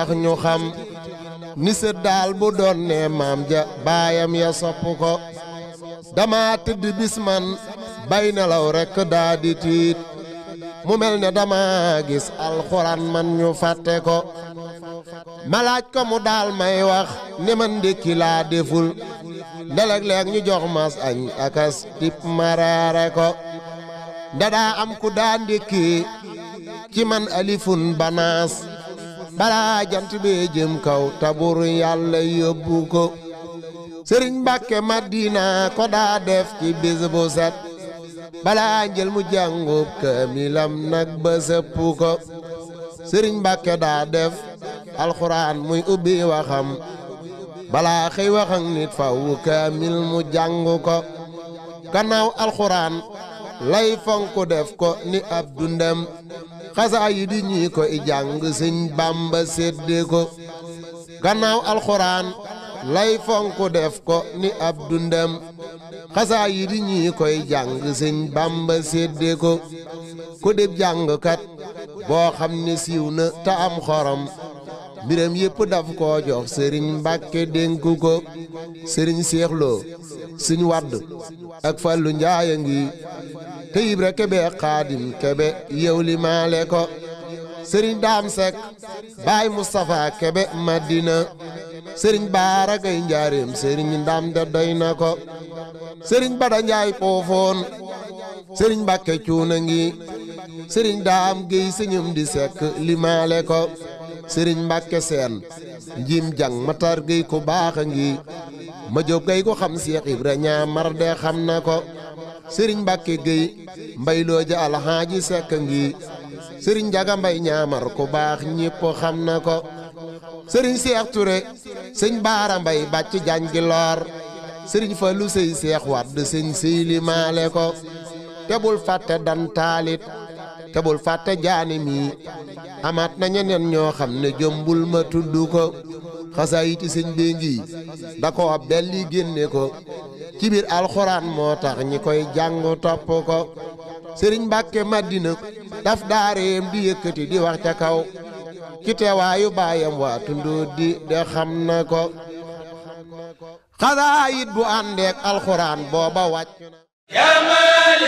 tax ñu xam ni sët daal bu doon ne maam ja baayam ya sopp ko dama tëdd bis man bay nelaw rekk daa di tiit mu mel ne dama gis alxuraan man ñu fàtte ko malaaj ko mu daal may wax ni man ndékki laa deful ndeleg-leeg ñu jox mas añ akas tip maraare ko ndadaa am ku daa ndékki ci man alifun banaas balaa jant bee jëm kaw tabur yàlla yóbbu ko sëriñ mbàkke madina ko daa def ci bis set balaa njël mu jàngub kaamilam nag ba sëpp ko sëriñ mbàkke daa def alxuraan muy ubbi waxam balaa xëy wax ak nit faw kaamil mu jàng ko gannaaw alxuraan lay fonku def ko ni ab dundam xasaayid yi ñii ko i jàng sëñ bàmba sédde ko gannaaw alxuraan lay fonk def ko ni ab dundam xasaayid yi ñii koy jàng sëñ bàmba sédde ko ku dib jàngkat boo xam ne siiw na te am xorom mbiram yépp daf koo jox sëriñ mbàkke dénk ko sëriñ seexloo sëñ wadd ak fallu njaay a ngi te Ibra Kebe Xaadim Kebe yow li maale ko Serigne Dame Seck Baye Moustapha Kebe Madina Serigne Baara Gay Njaareem Serigne Ndam de doy na ko Serigne Bada Njaay Poofoon Serigne Mbàkke Cuuna ngi Serigne Daam Gay Sëñum di Seck limaale ko Serigne Mbàkke Seen Njiim Jang Matar Gay ku baax ngi ma jóob gay ko xam Seex Ibra mar de xam na ko sëriñ Mbàkke Géy mbay looja alxaaji sekk ngi sëriñ Njaga mbay ñaamar ku baax ñépp xam na ko sëriñ Seex Ture sëñ Baara mbay bàcc jaañ gi sëriñ Fallu sëy Seex Wàdd sëñ Seyli maale ko tebul fàtte dan taalit tebul fàtte jaani mii amaat na ñeneen ñoo xam ne jombul ma tudd ko xasaayiti sëñ bee ngi da ko ab ko ci biir alxuraan moo tax ñi koy jàng topp ko sëriñ Mbàkke Madina daf daareem di yëkkati di wax ca kaw ci teewaayu baayam waa tundu di de xam na ko xasaayit bu àndeek alxuraan booba wàcc na